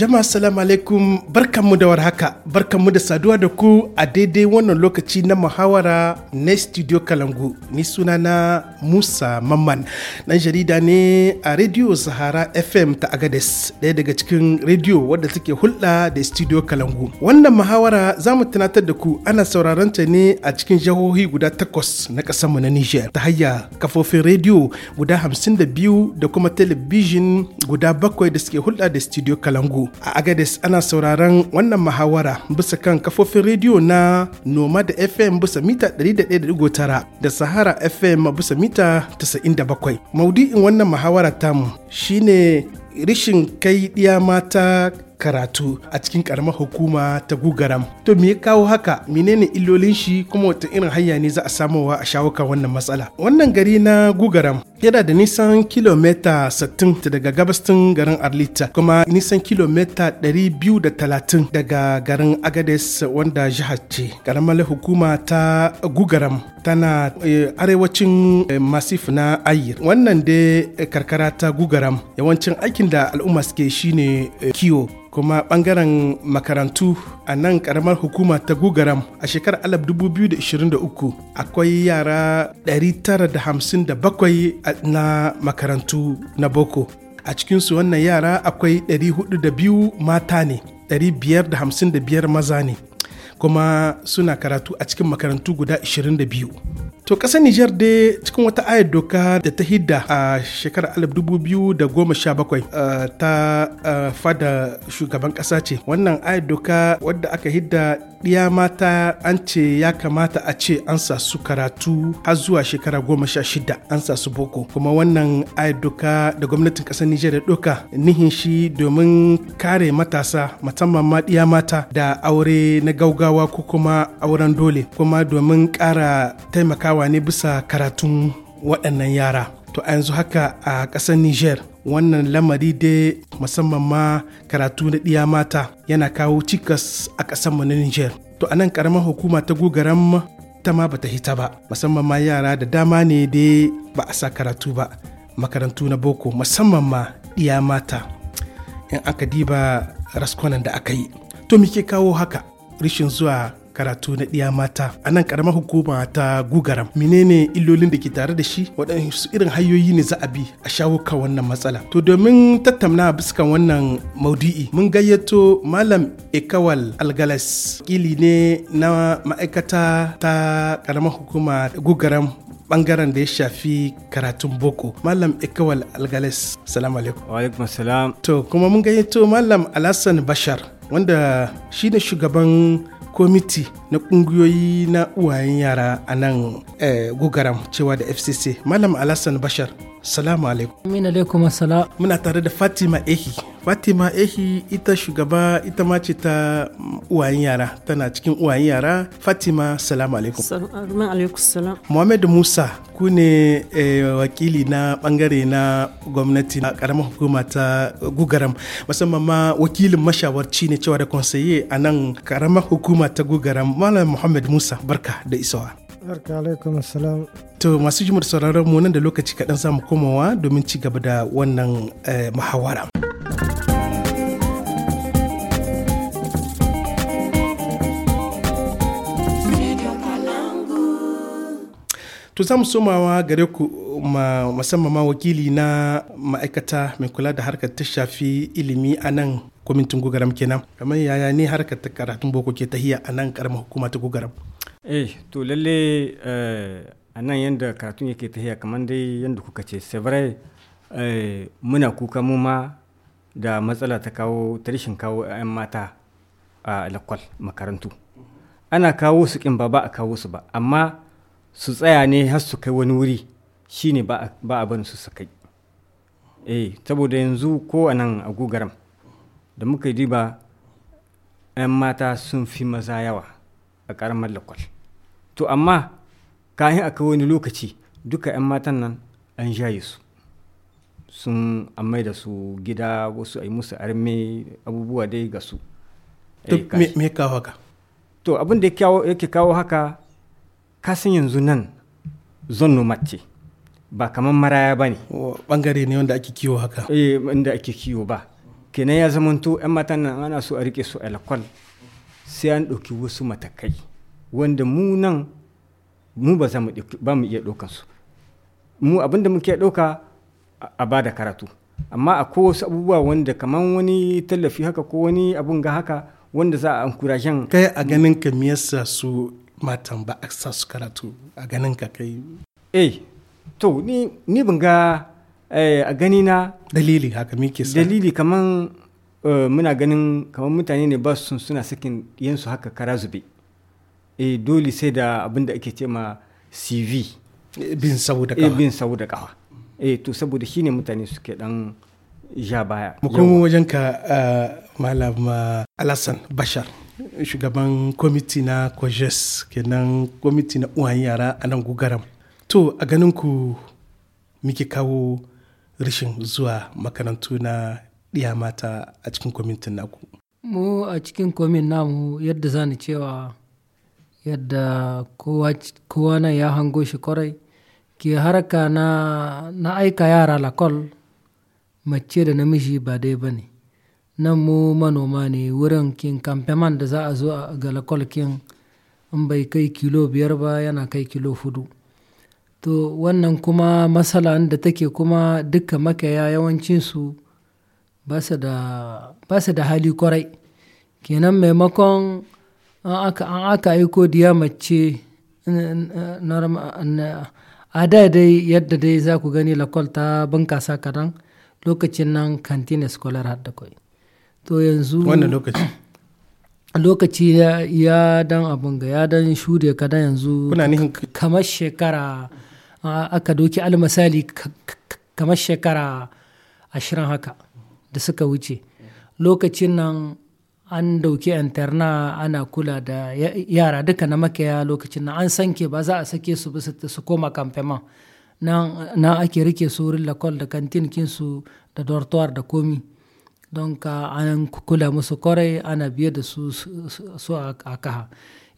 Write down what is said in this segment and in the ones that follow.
Jama'a salamu alaikum barkanmu da warhaka barkanmu da saduwa da ku a daidai wannan lokaci na muhawara na studio Kalangu ni suna na Musa Mamman nan jarida ne a Radio Sahara FM ta Agades ɗaya daga cikin radio wadda take hulɗa da studio Kalangu wannan muhawara za mu tunatar da ku ana sauraron ta ne a cikin jihohi guda takwas na ƙasarmu na Niger ta hanya kafofin radio guda hamsin da biyu da kuma talabijin guda bakwai da suke hulɗa da studio Kalangu a Agades ana sauraron wannan muhawara bisa kan kafofin rediyo na Noma da FM bisa mita 100.9 da Sahara FM bisa mita 97. Maudu'in wannan muhawara tamu shine rishin kai ɗiya mata karatu a cikin karamar hukuma ta gugaram to me ya kawo haka menene illolin shi kuma wata irin hanya ne za a samowa a shawuka wannan matsala wannan gari na gugaram yana da nisan kilomita 60 daga gabastin garin arlita kuma nisan kilomita 230 daga garin agades wanda jihar ce karamar hukuma ta gugaram tana eh, arewacin eh, masif na ayir wannan dai eh, karkara ta gugaram yawancin aikin da al'umma suke shine kiwo kuma bangaren makarantu a nan karamar hukuma ta gugaram a shekarar 2023 akwai yara 957 na makarantu na boko a cikinsu wannan yara akwai 402 mata ne 555 maza ne kuma suna karatu a cikin makarantu guda 22 To ƙasar Nijar dai cikin wata ayar doka da ta hidda a shekarar 2017 eh, ta eh, fada shugaban ƙasa ce. Wannan ayar doka wadda aka hidda ɗiya mata an ce ya kamata a ce an sa su karatu har zuwa shekara goma sha shida an sa su boko. Kuma wannan ayar doka da gwamnatin ƙasar Nijar da doka nihin shi domin kare matasa musamman ma ɗiya mata da aure na gaugawa ko kuma auren dole kuma domin kara taimakawa tsayawa ne bisa karatun waɗannan yara to a yanzu haka a ƙasar niger wannan lamari dai musamman ma karatu na ɗiya mata yana kawo cikas a ƙasarmu na niger to a nan ƙaramar hukuma ta gugaran ta ma bata hita ba musamman ma yara da dama ne dai ba a sa karatu ba makarantu na boko musamman ma ɗiya mata in aka diba raskonan da aka yi to me ke kawo haka rashin zuwa karatu na ɗiya mata a nan karamar hukuma ta gugaram menene illolin da ke tare da shi waɗansu irin hanyoyi ne za a bi a shawo kan wannan matsala to domin tattauna biskan wannan maudu'i mun gayyato malam ekawal algalas kili ne na ma'aikata ta karamar hukuma gugaram bangaren da ya shafi karatun boko malam ekawal algalas salamu alaikum wa alaikum salam to kuma mun gayyato malam alhassan bashar wanda shi ne shugaban kwamiti na kungiyoyi na uwayen yara a nan eh, gugaram cewa da fcc malam alassan bashar Salamu alaikum. Amin alaikum assalam. Muna tare da Fatima Ehi. Fatima Ehi ita shugaba ita ma ce ta uwayen yara tana cikin uwayen yara. Fatima salamu alaikum. Salamu alaikum salam. Muhammadu Musa ku ne eh, wakili na bangare na gwamnati na karamar hukuma ta Gugaram musamman ma wakilin mashawarci ne cewa da konseye a nan karamar hukuma ta Gugaram Malam Muhammad Musa barka da isowa. Barka alaikum salam. To masu jimar sauraron mu nan da lokaci kaɗan samu mu komawa domin ci gaba da wannan eh, muhawara. To za mu somawa gare ku musamman ma wakili na ma'aikata mai kula da harkar ta shafi ilimi a nan kwamitin gugaram kenan. Kamar yaya ne harkar ta karatun boko ke tahiya a nan karamar hukuma ta gugaram. eh to lalle eh, a nan yadda karatun yake tafiya kamar dai yadda kuka ce sevrai eh, muna kuka mu ma da matsala ta kawo ta kawo 'yan mata a lakwal makarantu ana kawo su kin ba ba a kawo su ba amma su tsaya ne har su kai wani wuri shine ba a barin su su kai eh saboda yanzu ko a nan a gugaram da muka yi diba 'yan mata sun fi maza yawa a karamar lakwal to amma kayan aka wani lokaci duka 'yan matan nan an jaye su sun amai da su gida wasu a yi musu arme abubuwa dai ga su eh, me kawo haka to abin da yake kawo haka kasan yanzu nan zon nomad ce ba kamar maraya ba ne bangare ne wanda ake kiwo haka eh inda ake kiwo ba kenan ya zamanto 'yan matan nan ana so a rike su a lakwal sai an ɗauki wasu matakai wanda mu nan mu ba za mu ba mu iya ɗaukansu mu da muke ɗauka a ba da karatu amma akwai wasu abubuwa wanda kamar wani tallafi haka ko wani abun ga haka wanda za a ankurajen kai a ganin ka me yasa su matan ba a sa su karatu a ganin ka kai eh to ni ni ban ga eh, a gani na dalili haka me ke dalili kaman Eh, muna ganin kamar mutane ne ba su suna sakin yansu haka kara zube e dole sai da abin da ake ce ma cv eh, bin saboda kawa bin saboda kawa e to saboda shi ne mutane suke dan ja baya mu kuma wajen ka malam alasan bashar shugaban kwamiti na kojes kenan kwamiti na uwan yara a nan gugaram to a ganin ku muke kawo rashin zuwa makarantu na ɗiya mata a cikin kwamitin naku? Mu a cikin kwamin namu yadda zani cewa yadda kowa na ya hango shi kwarai ke haraka na, aika yara lakol mace da namiji ba dai ba ne nan mu manoma ne wurin kin kamfeman da za a zo ga lakol kin in bai kai kilo biyar ba yana kai kilo hudu to wannan kuma matsala da take kuma duka makaya yawancinsu ba su da hali kwarai kenan maimakon an aka aiko diya mace a daidai yadda dai za ku gani lakwal ta bunkasa kadan lokacin nan kantin scholar da kai to yanzu wannan lokaci lokaci ya dan abun ga ya dan shude kadan yanzu kamar shekara aka doki almasali kamar shekara ashirin haka da suka wuce lokacin nan an dauki interna ana kula da yara duka na makaya lokacin nan an sanke ba za a sake su bisa su koma kamfema na ake rike su wurin lakol da kantin kinsu da dortuwar da komi don ka an kula musu kwarai ana biye da su a kaha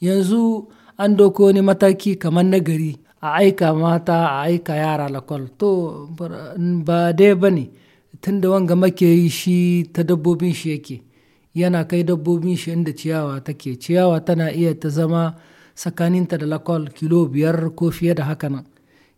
yanzu an doko wani mataki kamar na gari a aika mata a aika yara lakol to ba dai ba ne tun da wanga make yi shi ta dabbobin shi yake yana kai dabbobin shi inda ciyawa take ciyawa tana iya ta zama tsakaninta da lakol kilo biyar ko fiye da haka nan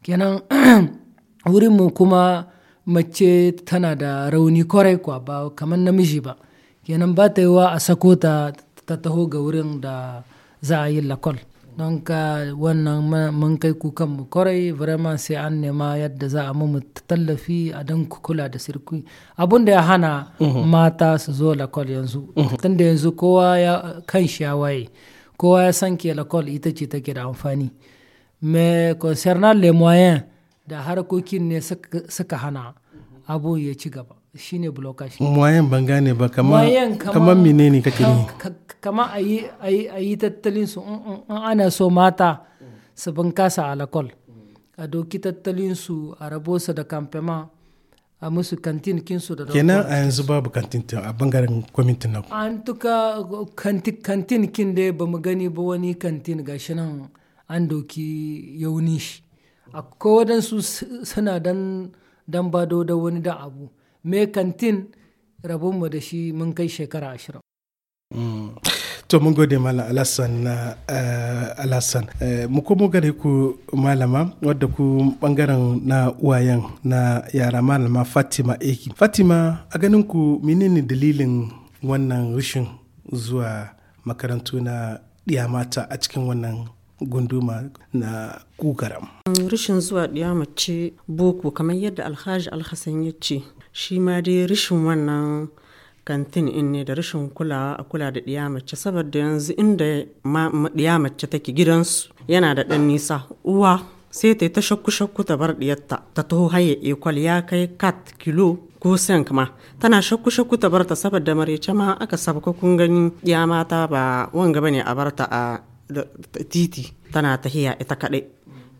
kenan wurinmu kuma mace tana da rauni kwarai kwa ba kamar namiji ba kenan ba ta yi wa a sako ta taho ga wurin da za a yi lakol don ka wannan mun kai kukan mu kwarai vraiment sai an nema yadda za a mu tallafi a don kula da sirkui abun da ya hana mhm. mata su zo lakol yanzu mhm. tunda yanzu kowa ya kan shi ya waye kowa ya san ke lakol ita ce take da amfani me concernant les moyens da harkokin ne suka hana abu ya ci gaba shine shi moyen ban gane ba kamar kamar menene kake ne kama ayi ayi ayi tattalin su in ana so mata su bunkasa alakol a doki tattalin su a rabo su da kamfema a musu kantin kin su da kenan a yanzu babu kantin tun a bangaren kwamitin na an tuka kantin kin dai ba mu gani ba wani kantin gashi nan an doki yauni shi akwai waɗansu suna dan dan bado da wani da abu me kantin rabonmu da shi mun kai shekara ashirin. Mm. to mun gode malam alassan eh, alassan eh, mu komo gare ku malama wadda ku bangaren na uwayen na yara malama fatima eki fatima a ganin ku menene dalilin wannan rashin zuwa makarantu na ɗiya mata a cikin wannan gunduma na kugaram. Mm, rashin zuwa ɗiya mace boko kamar yadda Alhaji Alhassan ya ce shi ma dai rashin wannan kantin in ne da rashin kulawa a kula da ɗiya mace saboda yanzu inda ɗiya mace take gidansu yana da ɗan nisa uwa sai ta yi ta shakku shakku ta bar ɗiyarta ta taho haye ekwal ya kai kat kilo ko sen ma tana shakku shakku ta barta saboda marece ma aka sabka kun gani ɗiya mata ba wanga bane a barta a titi tana tahiya ita kaɗai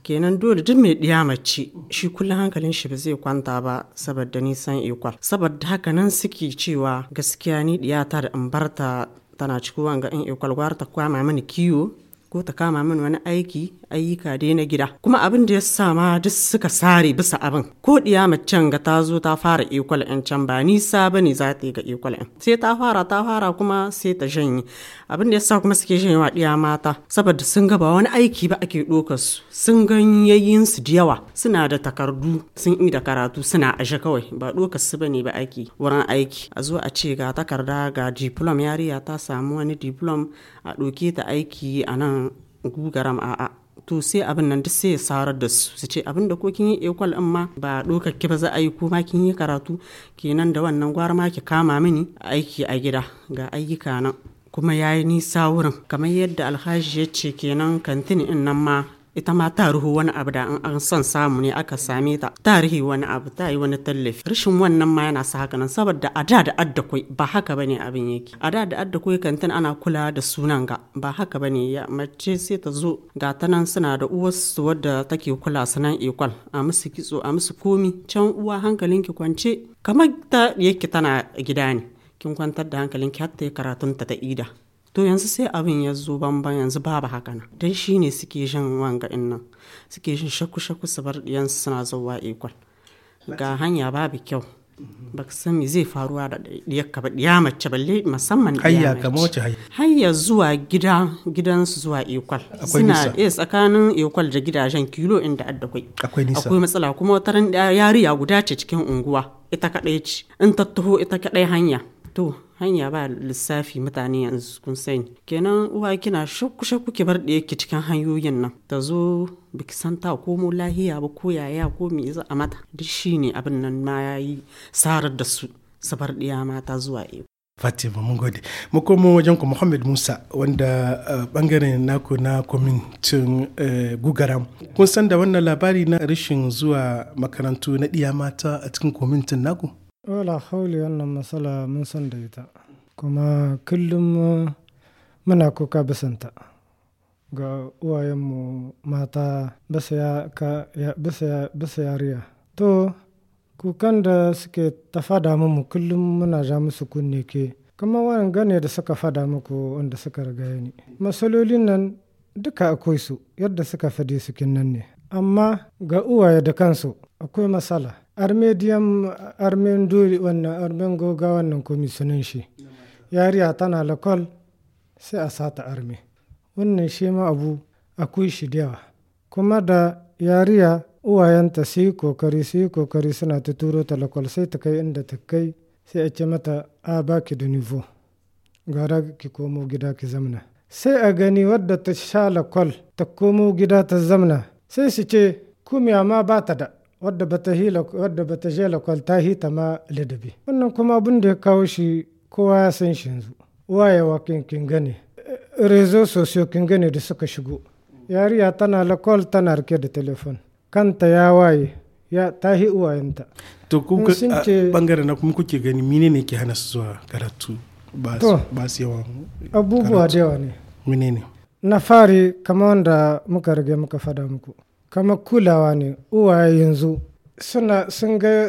kenan dole duk mai ɗiya mace shi kullum hankalin shi ba zai kwanta ba saboda nisan ikwal saboda haka nan suke cewa gaskiya ni ɗiya ta da in barta tana cikin wanga in ikwal gwar ta kwama mini kiwo ko ta kama min wani aiki ayyuka dai na gida kuma abin da ya sama duk suka sare bisa abin ko diya macen ga ta zo ta fara equal in can ba nisa bane za ta yi ga equal in sai ta fara ta fara kuma sai ta janye abin da ya sa kuma suke janye wa diya mata saboda sun ga ba wani aiki ba ake ɗaukar su sun ganyayyin su da yawa suna da takardu sun yi da karatu suna aje kawai ba ɗaukar su bane ba aiki wurin aiki a zo a ce ga takarda ga diplom yariya ta samu wani diplom a ɗauke ta aiki a nan gugaram a to sai abin nan duk sai ya sarar da su su ce abin da ko kin yi ekwal in ma ba dokakke ki ba za a yi ko ma kin yi karatu kenan da wannan gwara ma ki kama mini aiki a gida ga ayyuka nan kuma ya yi nisa wurin kamar yadda alhaji ya ce kenan kantin in nan ma ita ma tarihu wani abu da an son samu ne aka same ta tarihi wani abu ta yi wani tallafi rashin wannan ma yana sa haka nan saboda a da da adda kai ba haka bane abin yake a da da adda kai kantin ana kula da sunan ga ba haka bane ya mace sai ta zo ga ta nan suna da uwarsu wadda take kula sanan ikwal a musu kitso a musu komi can uwa hankalinki kwance kamar ta yake tana gida ne kin kwantar da hankalinki har ta yi karatunta ta ida to yanzu sai abin ya zo bamban yanzu babu haka nan shi ne suke jin wanga nan suke jin shakku shakku su bar diyansu suna zuwa ikon ga hanya babu kyau mm-hmm. ka san me zai faruwa da diyakka ba diya mace balle musamman hayya kamar wace hayya hayya zuwa gida gidansu zuwa ekwal suna iya eh, tsakanin ekwal da gidajen kilo inda adda kwai akwai nisa matsala kuma wata yariya guda ce cikin unguwa ita kadai ce in tattaho ita kadai hanya to hanya ba lissafi mutane yanzu kun sani kenan uwa kina shakku shakku ki bar ɗaya ki cikin hanyoyin nan ta zo biki san ta mu lahiya ba ko yaya ko me za a mata duk shine abin nan ma yayi sarar da su su bar ɗaya mata zuwa iko Fatima mun gode. Mu komo wajen ku Muhammad Musa wanda bangaren eh, naku na kwamitin eh, Gugaram. Kun san da wannan labari na rashin zuwa makarantu na ɗiya mata a cikin kwamitin naku? wala hauli wannan matsala mun san da ita kuma kullum muna kuka bisanta ga uwayenmu mata bisa yariya to kukan da suke ta fada mu kullum muna ja musu kunne ke kuma warin gane da suka fada muku wanda suka riga ni matsalolin nan duka akwai su yadda suka fade su nan ne amma ga uwaye da kansu akwai matsala armediam armen duri wannan armen goga wannan komisunan shi yariya tana lakol sai a sata arme wannan shi ma abu akwai shi da yawa kuma da yariya uwayenta su yi kokari su yi kokari suna ta turo ta lakol sai ta kai inda ta kai sai a ce mata a baki da nivo gara ki komo gida ki zamna sai a gani wadda ta sha lakol ta komo gida ta zamna sai su ce kumiya ma ba ta da wadda bata je lakwal ta hita ma ladabi wannan kuma abin da ya kawo shi kowa ya san shi yanzu wa kin gane rezo sosiyo kin gane da suka shigo yariya tana lakwal tana rike da telefon kanta ya waye ya ta hi uwayenta to kun bangare na kuma kuke gani mine ne ke hana su zuwa karatu ba su yawa abubuwa da yawa ne mine ne na fari kamar wanda muka rage muka fada muku kamar kulawa ne uwaye yanzu suna,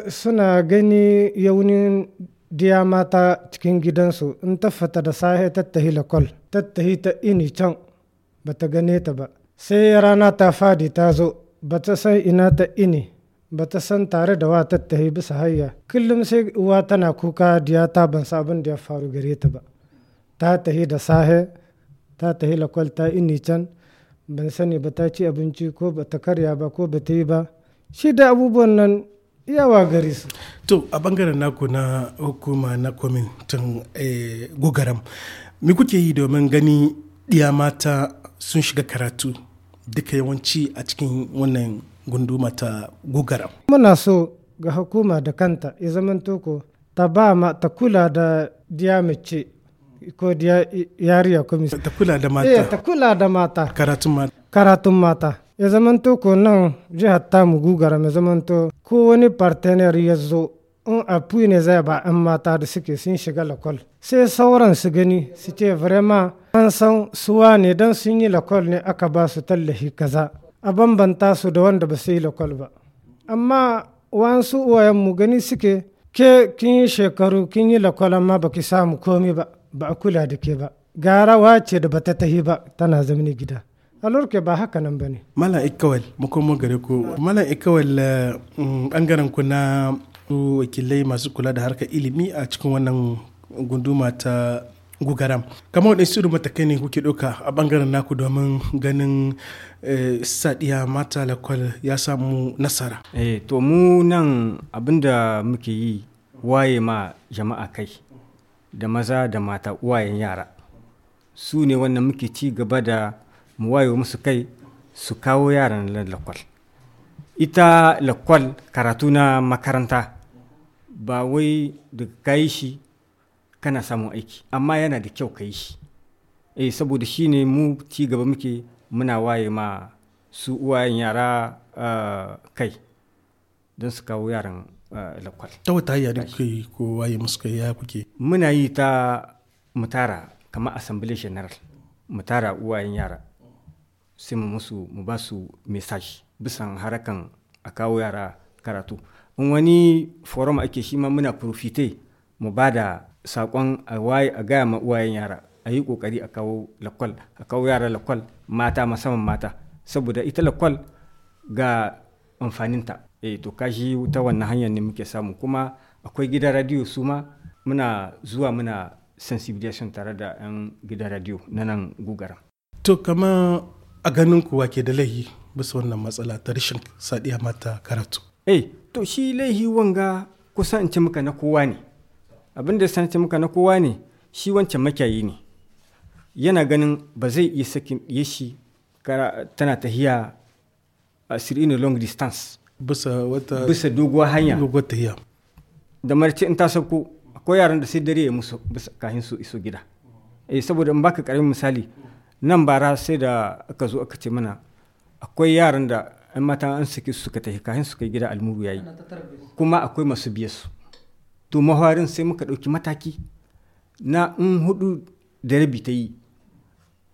suna gani yaunin diya mata cikin gidansu in tafata da sahe tattahi lakol tattahi ta ini can bata gane ta ba sai rana ta fadi ta zo ba ta san ina ta ini ba ta san tare da wa tattahi bisa hayya kullum sai uwa tana kuka diya ta ban sabon da ya faru gare ta ba ta tahi da sahe ta tahi lakol ta ini can ban sani ba ta ci abinci ko ba ta karya ba ko ba ta yi ba shi da abubuwan nan yawa gari su to a bangaren naku na hukuma na kwamitin e, eh, gogaram me kuke yi domin gani ɗiya mata sun shiga karatu duka yawanci a cikin wannan gunduma ta gogaram muna so ga hukuma da kanta ya zama toko ta ba ma ta kula da diya mace ko yariya komi ta kula da mata eh, ta kula da mata karatun mata karatun mata ya zamanto ko nan jihar mu gugara mai zamanto ko wani partenaire ya zo in puyi ne zai ba an mata da suke sun shiga lakol sai sauran su gani su ce vrema an san suwa ne don sun yi lakol ne aka ba su tallafi kaza a bambanta su da wanda ba su yi lakol ba amma wasu mu gani suke ke kin yi shekaru kin yi lakol amma ki samu komi ba ba a kula da ke ba garawa ce da bata tahi ba tana zamani gida alurke ba haka nan ba ne malam ikawal makomo gare ku mala ikawal bangaren eh, mm, ku na wakilai masu kula da harkar ilimi a cikin wannan gunduma ta gugaram kamar su irin kai ne kuke ɗauka a bangaren naku domin ganin eh, sadiya mata lakwal ya samu nasara eh to mu nan abinda muke yi waye ma jama'a kai da maza da mata uwayen yara su ne wannan muke ci gaba da mu wayo musu kai su kawo yaran lakwal ita lakwal karatu na makaranta ba wai da ka yi shi kana samun aiki amma yana da kyau ka yi shi eh saboda shi ne mu ci gaba muke muna waye ma su uwayen yara ah, kai don su kawo yaran lakwal ta wata ya yi ko waye musu kai ya kuke muna yi ta mutara kamar assembly general mutara uwayen yara sai mu musu mu ba su message bisan harakan a kawo yara karatu in wani forum ake shi ma muna profite mu ba da saƙon a gaya ma uwayen yara a yi ƙoƙari a kawo lakwal a kawo yara lakwal mata musamman mata saboda ita lakwal ga amfaninta e to kashi ta wannan hanyar ne muke samu kuma akwai gidan radio su ma muna zuwa muna sensibilisation tare da 'yan gidan radio na nan gugara to kama a ganin kuwa ke da laihi bisa wannan matsala ta rashin sadiya mata karatu eh to shi laihi wanga kusa in ce muka na kowa ne abin da san ce muka na kowa ne shi wancan makiyayi ne yana ganin ba zai iya sakin yashi tana tahiya a long distance bisa wata bisa doguwar hanya doguwar da marci in ta sauko akwai yaran da sai dare ya musu bisa kahin su iso gida eh saboda in baka karamin misali nan bara sai da aka zo aka ce mana akwai yaran da an mata an saki su suka tafi kahin su kai gida almuru yayi kuma akwai masu biye su to maharin sai muka ɗauki mataki na in hudu da rabi ta yi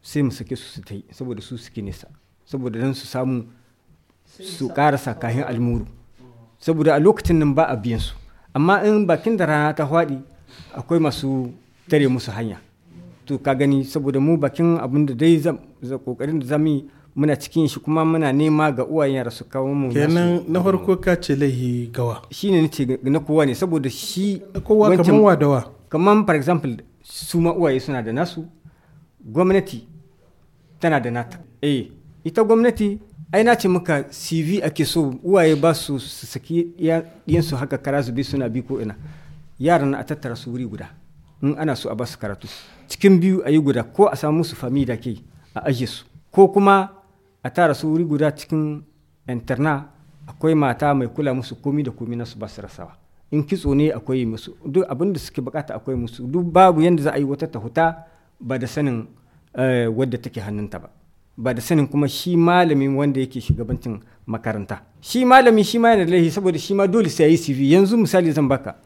sai mu sake su su ta yi saboda su suke nesa saboda dan su samu su karasa kahin almuru saboda a lokacin nan ba a biyan su amma in bakin da rana ta faɗi akwai masu tare musu hanya to ka gani saboda mu bakin abin da dai kokarin da zamu muna cikin shi kuma muna nema ga uwayen yara su kawo mu kenan na farko ka ce laihi gawa shine nace na kowa ne saboda shi kowa kaman wa dawa kaman for example su ma uwaye suna da nasu gwamnati tana da nata eh ita gwamnati ai na ce maka cv ake so uwaye ba su saki yansu haka kara su bi suna bi ko ina yaran a tattara su wuri guda in ana so a ba su karatu cikin biyu a yi guda ko a samu su fami da ke a ajiye su ko kuma a tara su wuri guda cikin interna akwai mata mai kula musu komi da komi na ba su rasawa in kitso ne akwai musu duk abin da suke bukata akwai musu duk babu yadda za a yi wata ta ba da sanin eh, wadda take hannunta ba ba da sanin kuma shi malami wanda yake shugabancin makaranta shi malami shi ma yana da laifi saboda shi ma dole sai yi CV yanzu misali zan baka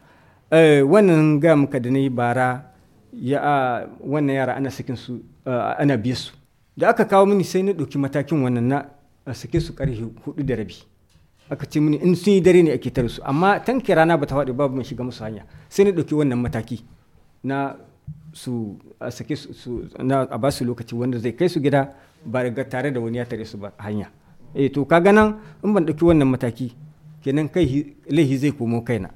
eh, wannan ga muka da na yi bara ya wannan yara ana sakin su ana biye su da aka kawo mini sai na ɗauki matakin wannan na sake su ƙarfe hudu da rabi aka ce mini in sun yi dare ne ake tare su amma tanke rana ba ta faɗi babu mai shiga musu hanya sai na ɗauki wannan mataki na su a sake su na a ba su lokaci wanda zai kai su gida ba daga tare da wani ya tare su ba hanya eh to ka nan in ban ɗauki wannan mataki kenan kai laihi zai komo kaina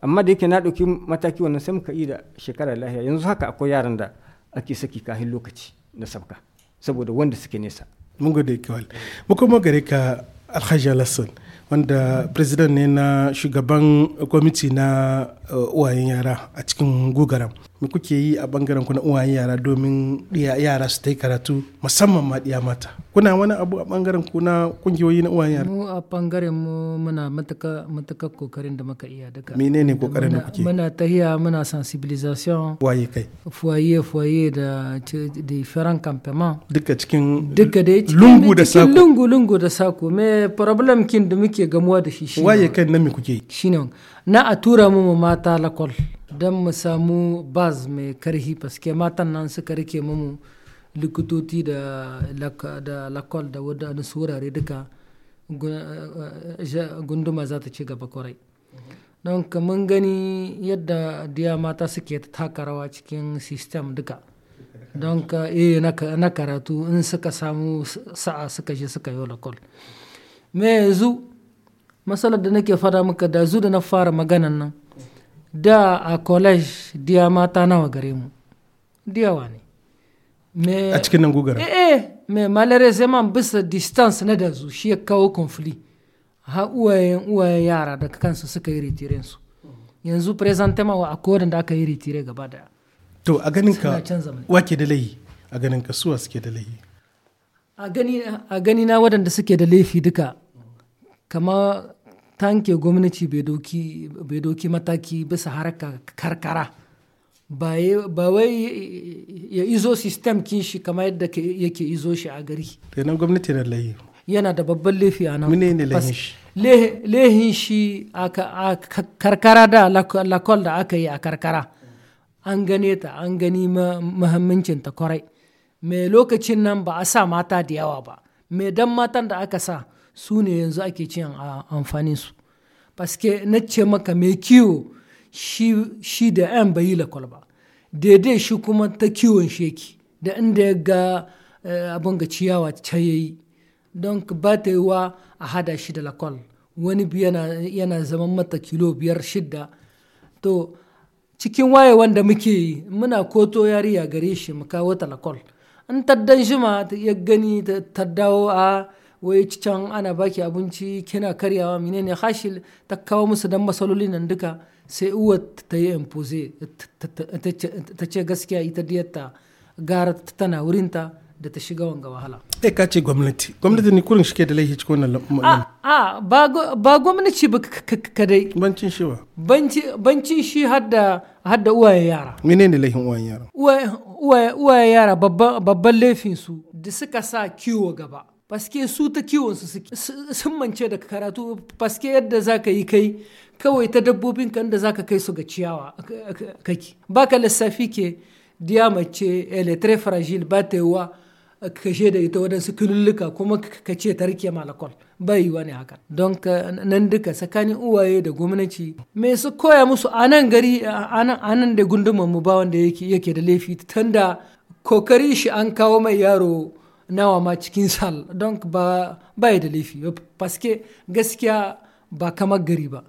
amma da yake na ɗauki mataki wannan sai muka yi da shekara lahiya yanzu haka akwai yaran da ake saki kahin lokaci na sabka saboda wanda suke nesa mun gode kewal mu kuma gare ka alhaji alhassan wanda president ne na shugaban kwamiti na eh, uwayen yara a cikin gugaram mu kuke yi a bangaren ku na uwayen yara domin yara su ta yi karatu musamman ma ɗiya mata kuna wani abu a bangaren ku na kungiyoyi na uwayen yara mu a bangaren mu muna matuka matuka kokarin da muka iya daga menene kokarin da kuke muna tahiya muna sensibilisation waye kai foyer foyer da different campement duka cikin duka da lungu da sako lungu lungu da sako me problem kin da muke gamuwa da shi waye kai na me kuke shine na a tura mu mata lakol don mu samu baz mai karhi paske matan nan suka rike mamu likitoci da lakol da wadansu wurare duka eh, eh, eh, gunduma za ta ci gaba kwarai don mun gani yadda diya mata suke taka rawa cikin sistem duka don ka iya na karatu in suka samu sa'a suka je suka yi lakol me yanzu matsalar da nake fada muka da zu da na fara maganan nan da a college diya mata nawa gare mu diyawa ne a cikin nan gugara eh eh me malheureusement bisa distance na da zu shi ya kawo conflict ha uwayen uwayen yara daga kansu suka yi retire su yanzu ma wa akodin da aka yi retire gaba daya to a ganin ka wake da layi a ganin ka suwa suke da laifi a gani na waɗanda suke da laifi duka kama tanke gwamnati bai doki mataki bisa harka karkara ba wai ya izo sistem kin shi kamar yadda yake izo shi a gari kenan gwamnati na layi yana da babban laifi a nan mune lehin shi a karkara da lakol da aka yi a karkara an gane ta an gani muhimmancin ta kwarai mai lokacin nan ba a sa mata da yawa ba mai dan matan da aka sa su ne yanzu ake cin a amfanin su paske na ce maka mai kiwo shi da yan bayi lakwal ba daidai shi kuma ta kiwon sheki da inda ya ga eh, abin ga ciyawa ta yayi don ba ta yi wa a hada shi da lakwal wani yana zaman mata kilo biyar shidda to cikin waye wanda muke yi muna koto yariya gare shi mu kawo lakwal in taddan shi ma ya gani ta dawo a wai can ana baki abinci kina karyawa menene hashi ta kawo musu dan masalolin nan duka sai uwa ta yi impose ta ce gaskiya ita diyarta gara tana wurinta da ta shiga wanga wahala. Eh ka ce gwamnati, gwamnati ne kurin shi ke da laihi cikin wannan lamarin. A ba gwamnati ba kadai. Bancin shi ba. Bancin shi hadda hadda uwaye yara. Mene ne laihin uwayen yara? Uwaye yara babban laifin su da suka sa kiwo gaba. paske su ta kiwon su sun mance da karatu paske yadda za ka yi kai kawai ta dabbobin kan da za ka kai su ga ciyawa Ba ka lissafi ke diya mace eletre fragile ba ta yiwa ka da ita wadansu kilulluka kuma ka ce ta rike malakol ba yiwa ne haka don ka nan duka tsakanin uwaye da gwamnati me su koya musu a gari a nan da gundumanmu mu ba wanda yake da laifi tanda kokari shi an kawo mai yaro nawa ma cikin sal don ba ya da laifi paske gaskiya ba kamar gari ba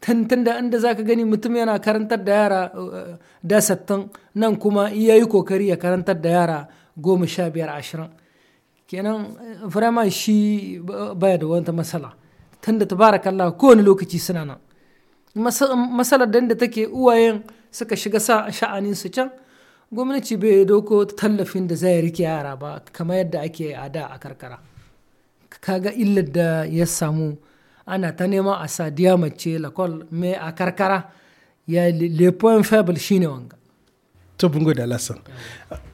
tantan da inda zaka gani mutum yana karantar da yara eh, da sattan nan kuma iya yi kokari ya karantar da yara goma sha biyar ashirin kenan firama eh, shi baya da wata matsala tun da tabarakallah kowane lokaci suna nan matsalar da take uwayen suka shiga sa sha'anin su can gwamnati bai doko tallafin da zai rike yara ba kamar yadda ake a da a karkara kaga illar da ya samu ana ta nema a sadiya mace lakol mai a karkara ya le point faible shine wanga to bungo da lasan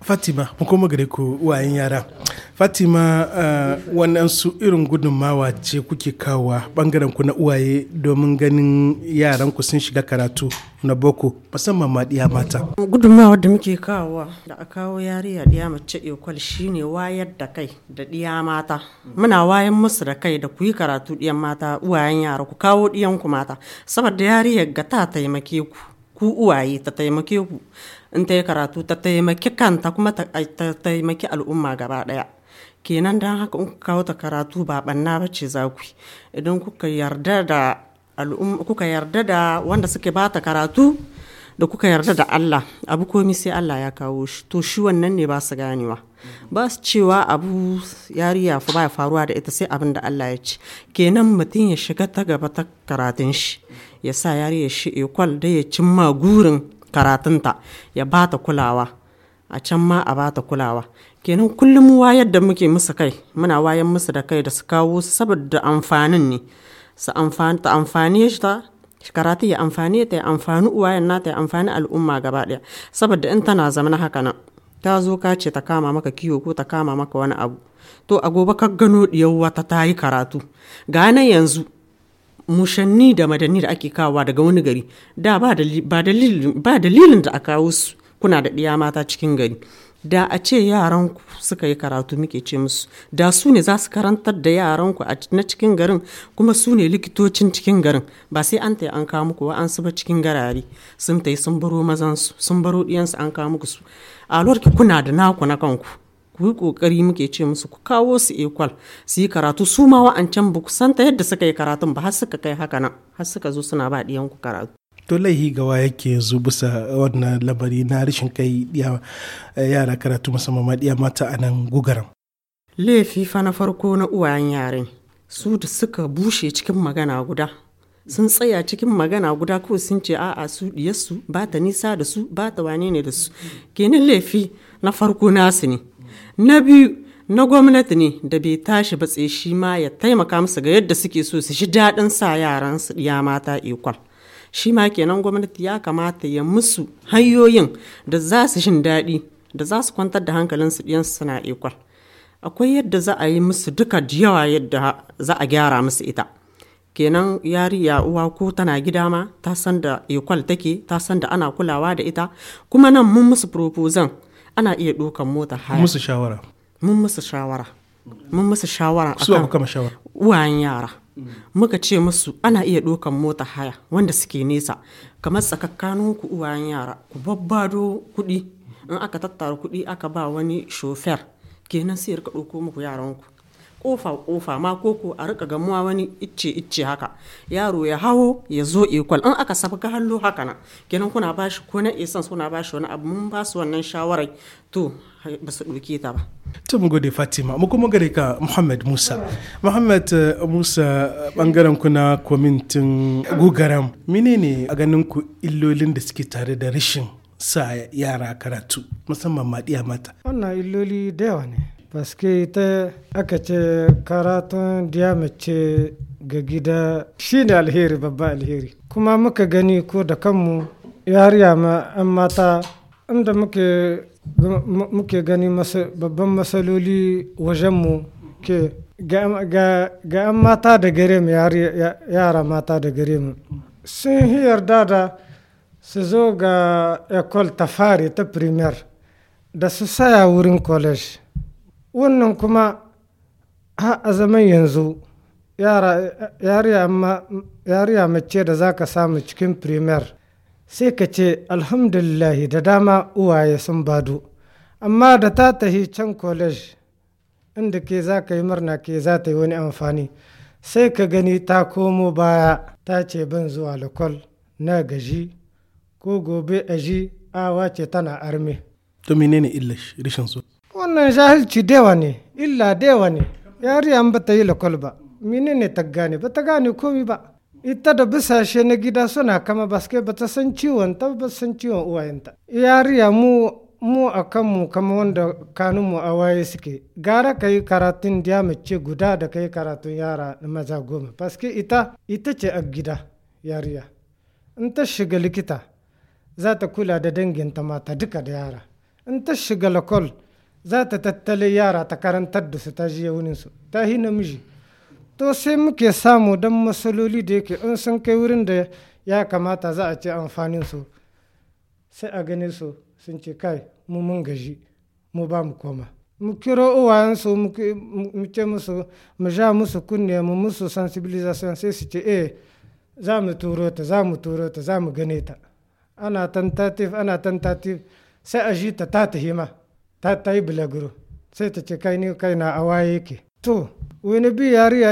fatima mu koma gare ku wayan yara fatima uh, eh, wannan su irin gudunmawa ce kuke kawo bangaren ku na uwaye domin ganin yaran ku sun shiga karatu na boko musamman ma diya mata gudunmawa da muke kawo da a kawo yariya diya mace ekwal shine wayar da kai da diya mata muna wayan musu da kai da ku yi karatu diyan mata uwayen yara ku kawo diyan ku mata saboda yariyar ga ta taimake ku ku uwaye ta taimake ku in ta yi karatu ta taimaki kanta kuma ta taimaki al'umma gaba ɗaya kenan don haka in kawo ta karatu ba banna ba ce za ku idan kuka yarda da al'umma kuka yarda da wanda suke ba ta karatu da kuka yarda da Allah abu komi sai Allah ya kawo shi to shi wannan ne ba su ganewa ba su cewa abu yariya fa baya faruwa da ita sai abin da Allah ya ce kenan mutum ya shiga ta gaba ta karatun shi ya sa yari ya shi ikwal da ya cimma gurin karatunta ya ba ta kulawa a can ma a ba ta kulawa kenan kullum wayar da muke musu kai muna wayan musu da kai da su kawo su saboda amfanin ne su ta amfani shi ta karatu ya amfani ta ya amfani uwayen ta ya amfani al'umma gaba daya saboda in tana zama na haka nan ta zo ka ce ta kama maka kiwo ko ta kama maka wani abu to a gobe ka gano diyawa wata ta yi karatu ga yanzu mushanni da madanni da ake kawowa daga wani gari da ba dalilin da a kawo su kuna da ɗiya mata cikin gari da a ce yaranku suka yi karatu muke ce musu da su ne za su karantar da yaranku na cikin garin kuma su ne likitocin cikin garin ba sai an tayi an kawo muku an su ba cikin garari sun ta yi sun baro mazansu sun baro ɗiyansu an kawo muku su a kuna da naku na kanku ku yi kokari muke ce musu ku kawo su ekwal su yi karatu su ma wa'ancan ba santa yadda suka yi karatun ba har suka kai haka nan har suka zo suna ba ɗiyan ku karatu to laihi gawa yake yanzu bisa wannan labari na rashin kai eh, yara karatu musamman ma ɗiya mata a nan gugaran laifi fa na farko na uwayen yaren su da suka bushe cikin magana guda sun tsaya cikin magana guda ko sun ce a'a su diyarsu ba ta nisa da su ba ta wane ne da su kenan laifi na farko nasu ne na biyu na gwamnati ne da bai tashi batse shi ma ya taimaka musu ga yadda suke so su ji daɗin sa yaran su ya mata ikwal shi ma kenan gwamnati ya kamata ya musu hanyoyin da za su jin daɗi da za su kwantar da hankalin su ɗiyan suna ikwal akwai yadda za a yi musu duka yawa yadda za a gyara musu ita kenan yariya uwa ko tana gida ma ta san da ikwal take ta san da ana kulawa da ita kuma nan mun musu proposal ana iya ɗaukan mota haya musu shawara mun musu shawara mun musu shawara su aka kama shawara uwayen yara muka ce musu ana iya ɗaukan mota haya wanda suke nesa kamar tsakakkanin ku uwayen yara ku babbado kuɗi in aka tattara kuɗi aka ba wani shofer kenan sai ya rika ɗauko muku yaranku kofa kofa ma koko a rika gamuwa wani icce icce haka yaro ya hawo ya zo ekwal in aka safka ka hallo haka na kenan kuna bashi ko na esan kuna bashi wani abu mun basu wannan shawarar to ba su ɗauke ta ba to mu gode fatima mu kuma gare ka muhammad musa muhammad eh, musa bangaren ku na kwamitin gugaram menene a ganin ku illolin da suke tare da rashin sa yara karatu musamman ma mata wannan illoli da yawa ne Parce ita aka ce karatun diya ga gida shine alheri babba alheri. Kuma muka gani ko da kanmu yariya ma an mata inda muke muke gani babban masaloli wajenmu ke ga an mata da gare mu yara mata da gare mu sun yarda da su zo ga ekol ta fari ta primer da su saya wurin college wannan kuma ha a zaman yanzu yariya mace da za ka samu cikin primer sai ka ce alhamdulillahi da dama uwaye sun badu amma da ta tahi can college inda ke za ka yi murna ke za ta yi wani amfani sai ka gani ta komo baya ta ce ban zuwa lakol na gaji ko gobe aji awa ce tana arme to menene illash rishin su wannan jahilci dewa ne illa dewa ne yariyan ba ta yi lakol ba mini ne ta gane ba ta gane komi ba ita da bisashe na gida suna kama baske ba ta san ciwon ta ba san ciwon uwayenta yariya mu mu a kanmu kama wanda kanunmu a waye suke gara ka yi karatun diya mace guda da ka yi karatun yara na maza goma baske ita ita ce a gida yariya in ta shiga likita za ta kula da danginta mata duka da yara in ta shiga lakol za ta tattale yara ta karantar da su ta je wurinsu ta hi namiji to sai muke samu don matsaloli da yake in sun kai wurin da ya kamata za a ce amfanin su sai a gane su sun ce kai mu mun gaji mu ba mu koma mu kiro uwayensu mu ce musu mu ja musu kunne mu musu sensibilisation sai su ce eh za mu turo ta za mu turo ta za mu gane ta ana tentative ana tentative sai a ji ta ta hima ta ta yi sai ta ce kai ni kai na awaye yake to wani bi yariya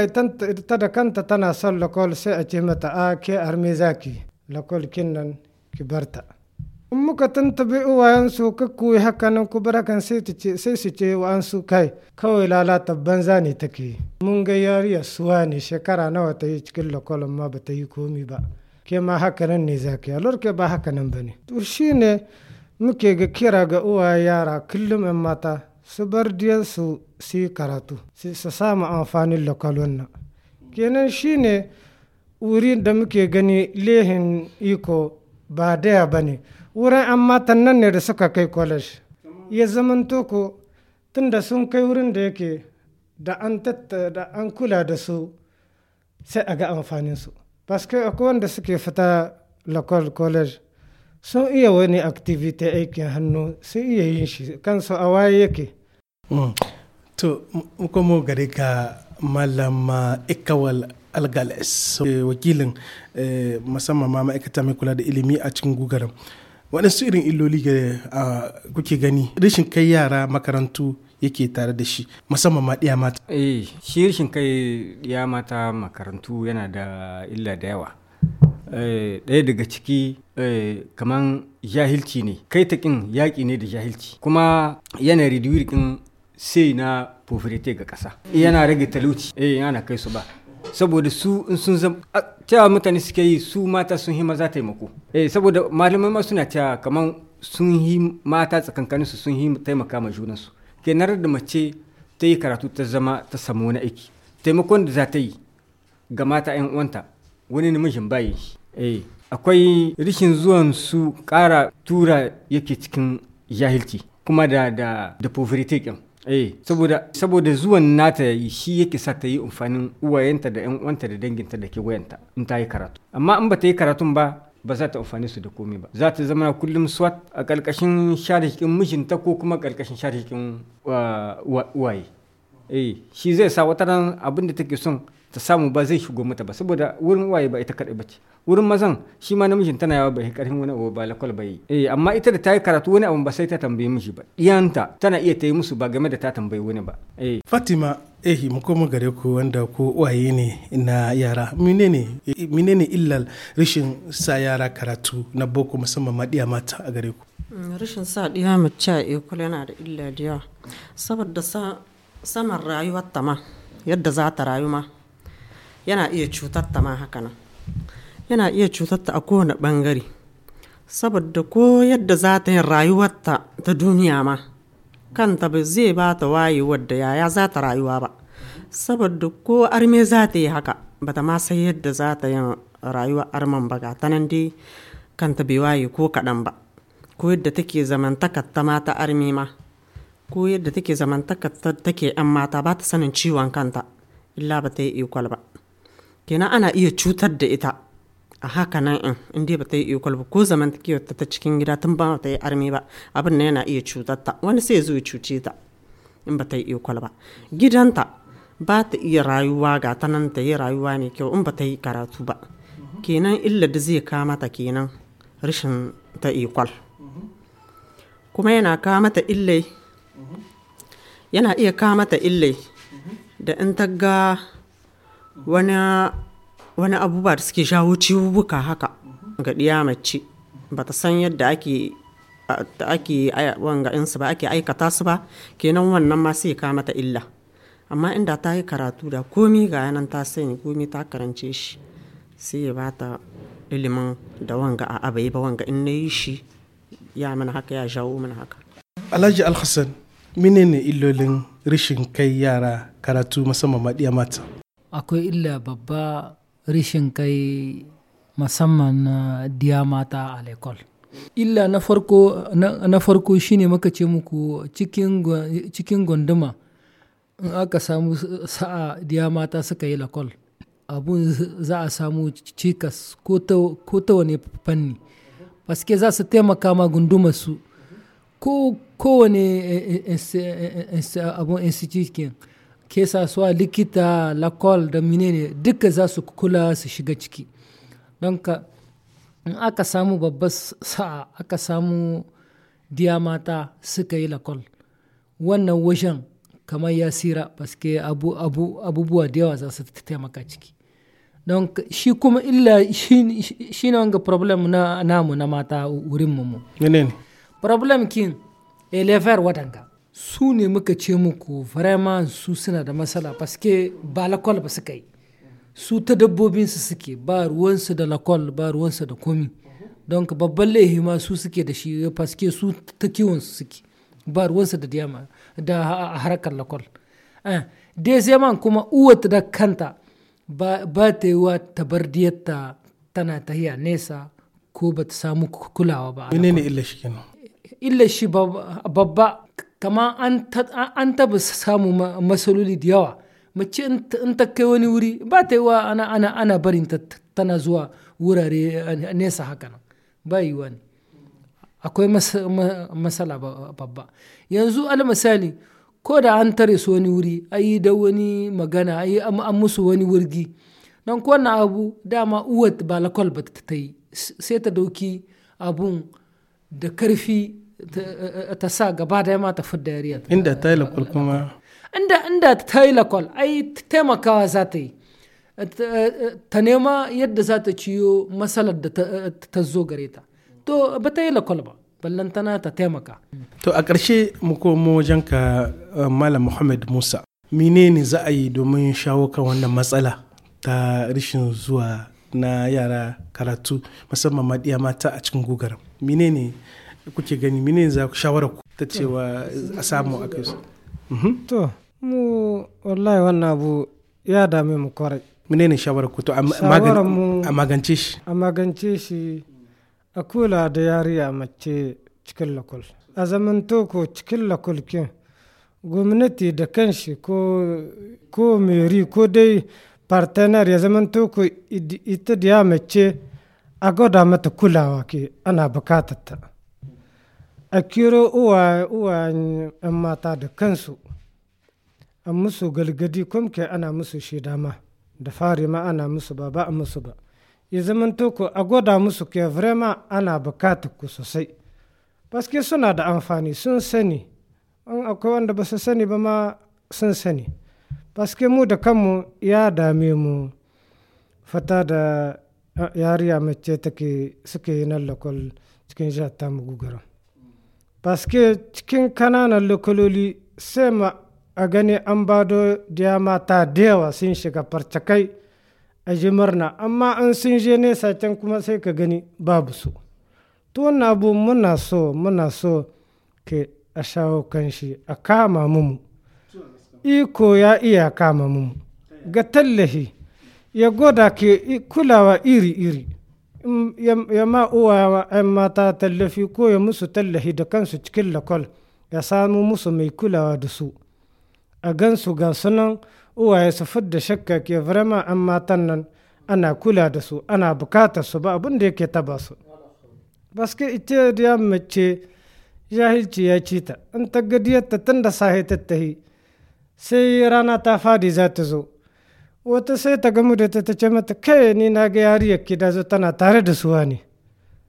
ta da kanta tana son lakol sai a ce mata a ke arme zaki lakol kin nan ki barta in muka tantabi uwayensu kakku yi haka nan ku barakan sai su ce su kai kawai lalata banza ne take mun ga yariya suwa ne shekara nawa ta yi cikin lakol amma ba ta yi komi ba ke ma haka nan ne zaki a lorke ba haka nan ba ne to shi ne muke ga kira ga uwa yara kullum 'yan mata su bar su si karatu su samu amfanin lokalon na. kenan shine wurin da muke gani lehin iko ba daya ba ne wurin an matan nan ne da suka kai college ya zamanto ko tun da sun kai wurin da yake da an da an kula da su sai a ga amfaninsu. Paske akwai wanda suke fita local college so iya wani activity aikin hannu sai iya yin shi kansu a waye yake hmm. to kuma gare ka malama uh, ikawal algales eh, wakilin eh, musamman ma ma'aikata mai kula da ilimi a cikin wani su irin illoli uh, kuke gani rashin kai yara makarantu yake tare da shi musamman ma ɗiya mata eh shi rashin kai ɗiya mata makarantu yana da illa da yawa Eh, ɗaya daga ciki eh, kaman jahilci ne kai ta ƙin yaƙi ne da jahilci kuma yana riduwir ɗin sai na pofirite ga ƙasa yana rage talauci eh yana kai su ba saboda su in sun zama cewa mutane suke yi su mata sun yi maza taimako eh saboda malamai ma suna cewa kaman sun yi mata tsakankanin su sun yi taimaka ma junansu kenan da mace ta yi karatu ta zama ta samu wani aiki taimakon da za ta yi ga mata 'yan uwanta wani namijin shi eh akwai rishin zuwan su ƙara tura yake cikin jahilci kuma da da da poverty kin eh saboda saboda zuwan nata yi shi yake sa ta yi amfanin uwayenta da ƴan uwanta da danginta da ke wayanta in ta yi karatu amma in ba ta yi karatun ba ba za ta amfani su da komai ba za ta zama kullum swat a ƙarƙashin sharikin mijinta ko kuma ƙarƙashin sharikin uwaye eh shi zai sa wata ran abin da take son ta samu ba zai shigo mata ba saboda wurin uwaye ba ita kaɗai ba ce wurin mazan shi ma namijin tana yawa bai karfin wani abu ba lakwal bai eh amma ita da ta yi karatu wani abu ba sai ta tambaye mishi ba iyanta tana iya ta yi musu ba game da ta tambayi wani ba eh fatima eh mu koma gare ku wanda ko waye ne na yara menene menene illal rashin sa yara karatu na boko musamman ma diya mata a gare ku mm, rashin sa diya mace a ekul yana da illa diya yawa saboda saman rayuwar tama yadda za ta rayu ma yana iya cutar ta ma haka nan yana iya ta a kowane ɓangare saboda ko yadda za ta yin rayuwarta ta duniya ma kanta ba zai ba ta wayewar da yaya za ta rayuwa ba saboda ko arme za ta yi haka ba ta ma sai yadda za ta yin rayuwar arman ba ta nan dai kanta bai waye ko kaɗan ba ko yadda take zamantakar ta mata arme ma ko yadda take zamantakar ta take yan mata ba ta sanin ciwon kanta illa ba ta yi ikwal ba kenan ana iya cutar da ita a haka nan in eh, inda ba ta yi ikwal ba ko zaman ta ta cikin gida tun ba ta yi armi ba abin na yana iya cutar ta wani sai zo ya cuce ta in ba ta yi equal ba gidanta ba ta iya rayuwa ga ta nan ta yi rayuwa mai kyau in ba ta yi karatu ba kenan illa da zai kama ta kenan rashin ta ikwal kuma yana kama ta illai yana iya kama ta illai da in ta ga wani wani abubuwa da suke jawo ciwubuka haka ga ɗiya mace ba ta san yadda ake da ake wanga insu ba ake aikata su ba kenan wannan ma sai ka mata illa amma inda ta yi karatu da komi ga yanan ta sani komi ta karance shi sai ya ta ilimin da wanga a abai ba wanga in na yi shi ya mana haka ya jawo mana haka alhaji alhassan menene illolin rishin kai yara karatu musamman maɗiya mata akwai illa babba rashin kai musamman na diya mata a lekol illa na farko na farko shine muka ce muku cikin gunduma in aka samu sa'a diya mata suka yi lakol abun za a samu cikas ko ta wani fanni paske za su taimaka ma gunduma su kowane abun institution ke suwa likita lakol da ne duka za su kula su shiga ciki don ka in aka samu babbar sa'a aka samu diya mata suka yi lakol wannan wajen kamar ya sira paske abubuwa da yawa za su taimaka ciki don shi kuma illa shi ne wanga problem na namu na mata wurin mu problem kin elever eh, watanka su ne muka ce muku vraiment su suna da matsala paske ba lakwal ba su yi su ta dabbobinsu suke ba ruwansu da lakwal ba ruwansu da komi don ka babban laihi ma su suke da shi paske su ta kiwonsu suke ba ruwansu da diyama da harkar lakwal dai sai man kuma uwata da kanta ba ta yi wa tabardiyarta tana ta tahiya nesa ko ba ta samu kulawa ba. Mene ne illa shi kenan? Illa shi babba kama an taba samu masaloli da yawa mace in ta kai wani wuri ba ta yi wa ana, barin ta tana zuwa wurare eh, nesa haka nan ba yi wani akwai matsala babba yanzu al misali ko da an tare su wani wuri a yi da wani magana a yi an musu wani wurgi don kowane abu dama uwat ba lakol ba ta yi sai ta dauki abun da karfi Eh, ta sa gaba da ma ta fudda yariyar inda ta yi lakwal kuma inda inda ta yi lakwal ai taimakawa za ta yi ta nema yadda za ta ciyo matsalar da ta zo gare ta to ba ta yi lakwal ba tana ta taimaka to a ƙarshe mu komo wajenka eh, malam muhammad musa menene za a yi domin shawo kan wannan matsala ta rashin zuwa na yara karatu musamman ma mata a cikin mine menene kuke gani mene za ku shawara ku ta cewa a samu a kai su mhm. to mu wallahi wannan abu ya dame mu kwarai mene ne shawara ku to a magance shi a magance shi a kula da yariya mace cikin lakul a zamanto ko cikin lakul kin gwamnati da kanshi ko ko meri ko dai partenar ya zamanto ko ita da ya mace a gwada mata kulawa ke ana bukatar ta a kiro uwayen 'yan mata da kansu a musu galgadi kwamke ana musu shi dama da fari ma ana musu ba ba a musu ba ya zaman toko a gwada musu ke vrema ana bukata ku sosai paske suna da amfani sun sani an akwai wanda ba su sani ba ma sun sani paske mu da kanmu ya dame mu fata da eh, yariya mace take suke yi nan lakwal cikin jihar tamu gugaran Paske cikin kananan lokaloli sai ma a gani an bado da mata da yawa sun shiga farcakai a ji murna amma an sun je nesa can kuma sai ka gani babu su to wannan abu muna so muna so ke a shawo kan shi a kama mumu iko ya iya kama mumu ga tallahi ya goda ke kulawa iri-iri ya ma uwa 'yan mata tallafi ko ya musu tallafi da kansu cikin lakol ya samu musu mai kulawa da su a gansu ga sunan uwa ya su da shakka ke vrema an matan nan ana kula da su ana bukatar su ba abin da yake taba su baske ita da mace jahilci ya ci ta in ta gadiyarta tun da sahi tattahi sai rana ta fadi za ta zo wata sai ta gamu da ta ce mata kai ni na ga yariyar ki da tana tare da suwa ne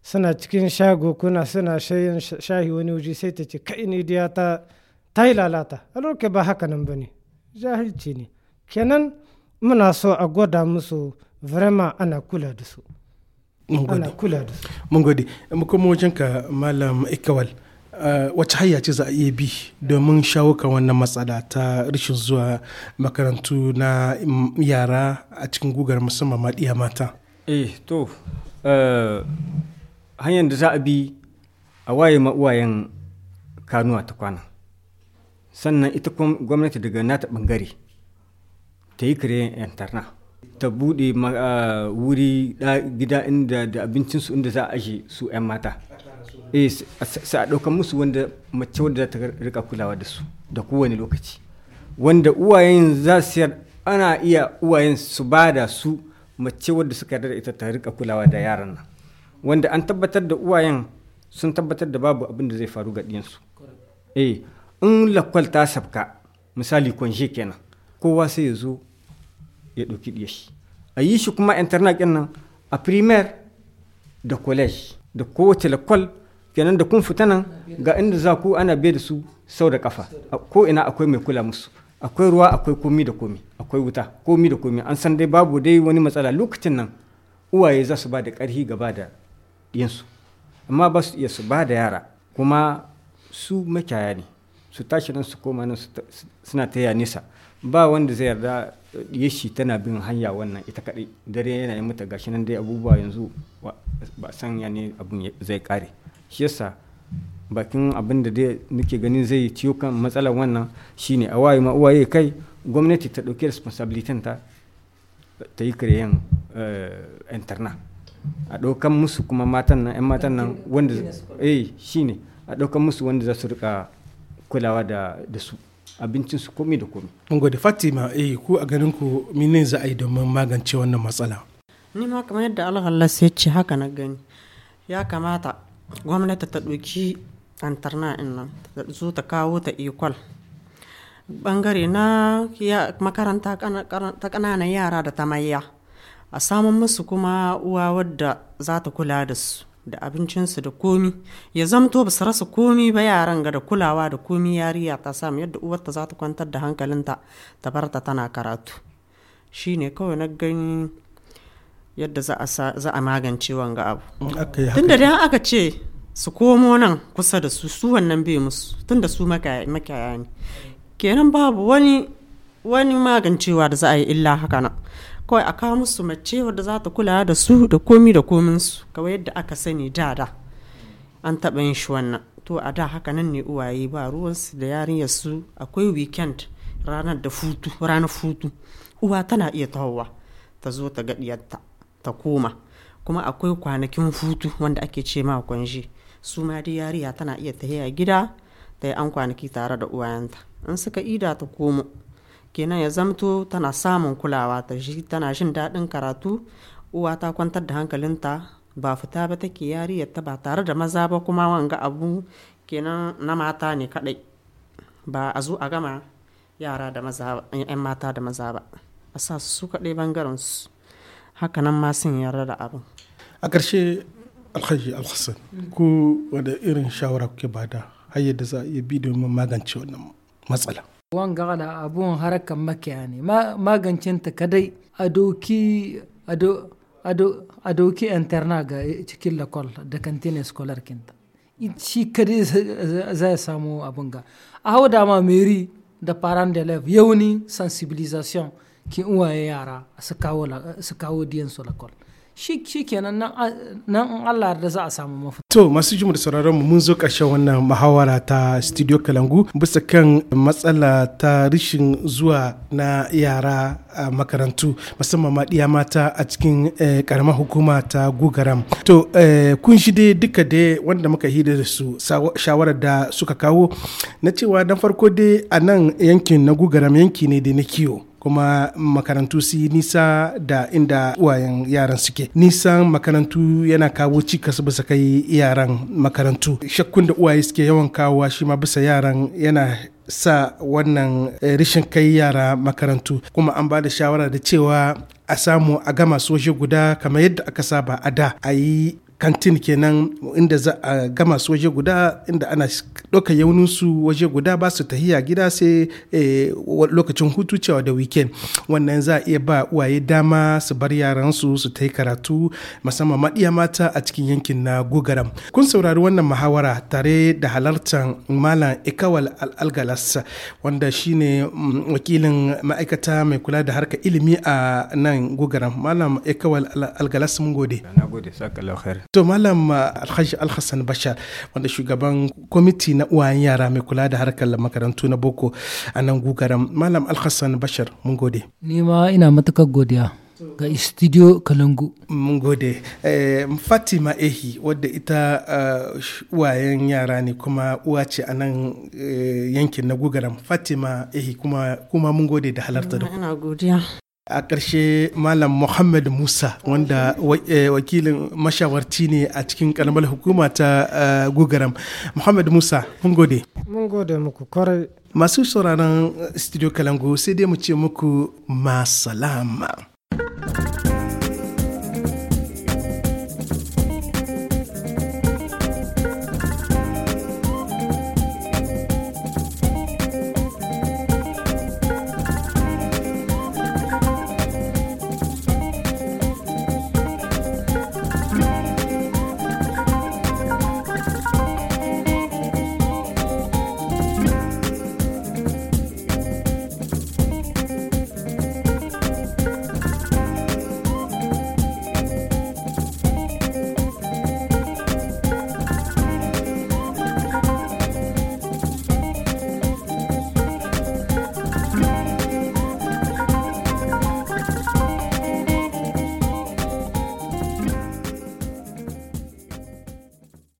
suna cikin shago kuna suna shayin shahi wani waje sai ta ce kai ni diya ta ta yi lalata a ba haka nan ba ne jahilci ne kenan muna so a gwada musu vrema ana kula da su mun gode mun gode kuma ka malam ikawal Eh, wacce hayya ce za a iya bi domin shawo kan wannan matsala ta rashin zuwa makarantu na mm, yara a cikin gugar musamman ma mata eh to eh, hanyar da za a bi a waye ma'uwayen kanuwa ta kwana sannan ita kuma gwamnati daga nata bangare ta yi kare yantarna ta buɗe eh, wuri gida inda da abincinsu inda za a ashe su 'yan mata eh sai a ɗaukar musu wanda mace wadda za ta rika kulawa da su da kowane lokaci wanda uwayen za su yar ana iya uwayen su ba da su mace wadda suka yarda da ita ta rika kulawa da yaran nan wanda an tabbatar da uwayen sun tabbatar da babu abin da zai faru ga ɗiyansu eh in lakwal ta sabka misali kwanje kenan kowa sai ya zo ya ɗauki ɗiya shi a yi shi kuma internet nan a primaire da college da kowace lakwal kenan da kun fita nan ga inda za ku ana bai da su sau da kafa ko ina akwai mai kula musu akwai ruwa akwai komi da komi akwai wuta komi da komi an san dai babu dai wani matsala lokacin nan uwaye za su ba da ƙarfi gaba da yinsu amma ba su iya su ba da yara kuma su makiyaya ne su tashi nan su koma nan suna taya nesa ba wanda zai yarda ya shi tana bin hanya wannan ita kaɗai dare yana yi mata gashi nan dai abubuwa yanzu ba san ya ne abun zai kare shi yasa bakin abin da dai nake gani zai ciyo kan matsalar wannan shine a waye ma uwaye kai gwamnati ta ɗauki responsibility ta ta yi kireyen eh, interna a ɗaukan musu kuma matan nan 'yan matan nan wanda eh shine a ɗaukan musu wanda za su rika kulawa da su abincin su komi da komi. Mun gode Fatima eh ku a ganin ku mene za a yi domin magance wannan matsala? Ni ma kamar yadda Allah Allah sai ce haka na gani ya kamata gwamnati ta ɗauki antarna nan ta zo ta kawo ta ikwal bangare na makaranta ta ƙananan yara da ta mayya a samun musu kuma uwa wadda za ta kula da su da abincinsu da komi ya zamto ba su rasa komi ba yaran ga da kulawa da komi yariya ta samu yadda uwarta za ta kwantar da hankalinta ta barta tana karatu shine kawai na gani yadda za a magance wanga abu tun da aka ce su komo nan kusa da su su wannan bai musu tun da su makaya ne kenan babu wani wani magancewa da za a yi illa haka nan kawai a kawo musu mace wadda za ta kula da su da komi da su kawai yadda aka sani da da an taɓa yin shi wannan to a da haka nan ne uwaye ba ruwan su da yarinyar su akwai weekend ranar da futu ranar futu uwa tana iya tahowa ta zo ta ga diyarta ta koma kuma akwai kwanakin hutu wanda ake ce ma kwanji su ma dai yariya tana iya tahiya gida ta an kwanaki tare da uwayenta in suka ida ta komo kenan ya zamto tana samun kulawa ta shi tana jin daɗin karatu uwa ta kwantar da hankalinta ba fita ba take yariyar ta ba tare da maza ba kuma wanga abu kenan na mata ne kaɗai ba a zo a gama yara da maza ba 'yan mata da maza ba a sa su kaɗai bangaren su hakanan masin sun yarda da abin a ƙarshe alhaji alhassan ko wanda irin shawara kuke bada har yadda za a iya bi domin magance wannan matsala wanga da abun harakan makiya ne ta kadai a doki a doki ga cikin lakol da kantina skolar kinta shi kadai zai samu abun ga a hau dama meri da paran da yauni sensibilisation ki uwaye yara su kawo diyansu lakwal shi kenan nan an Allah da za a samu mafi To masu jimu da sauraron mu mun zo ƙarshen wannan muhawara ta Studio Kalangu bisa kan matsala ta rishin zuwa na yara a makarantu musamman ma ɗiya mata a cikin karamar eh, hukuma ta Gugaram. To eh, kun shi dai duka dai wanda muka hira da su shawarar da suka kawo na cewa dan farko dai a nan yankin na Gugaram yanki ne da na kiwo. kuma makarantu su yi nisa da inda uwayen yaran suke nisan makarantu yana kawo cikas bisa kai yaran makarantu shakkun da uwaye suke yawan kawowa shi ma bisa yaran yana sa wannan eh, rishin kai yara makarantu kuma an ba da shawara da cewa a samu a gama soje guda kamar yadda aka saba a da a yi kantin kenan inda za a gama su waje guda inda ana ɗauka yaunin su waje guda ba su tahiya gida sai eh, lokacin hutu cewa da weekend wannan za a iya ba uwaye dama su bar yaran su su ta karatu musamman maɗiya mata a cikin yankin na gogaram kun saurari wannan muhawara tare da halartar malam ikawal algalas wanda shine mm, wakilin ma'aikata mai kula da harkar ilimi a nan gogaram malam ikawal algalas mun gode na gode To Malam uh, Alhaji Alhassan Bashar wanda shugaban kwamiti na uwayen yara mai kula da harkar makarantu na boko a nan gugaran Malam Alhassan Bashar mun gode. Ni ma ina matukar godiya. ga studio kalangu mun gode eh, fatima ehi wadda ita uh, uwayen yara ne kuma uwa ce a nan eh, yankin na gugaram fatima ehi kuma, kuma mun gode da halarta da ku a ƙarshe malam muhammad musa wanda eh, wakilin mashawarci ne a cikin ƙaramar hukuma ta eh, gugaram muhammad musa mun gode mun gode muku kwarai masu sauraron eh, studio kalangu sai dai mu ce muku masalama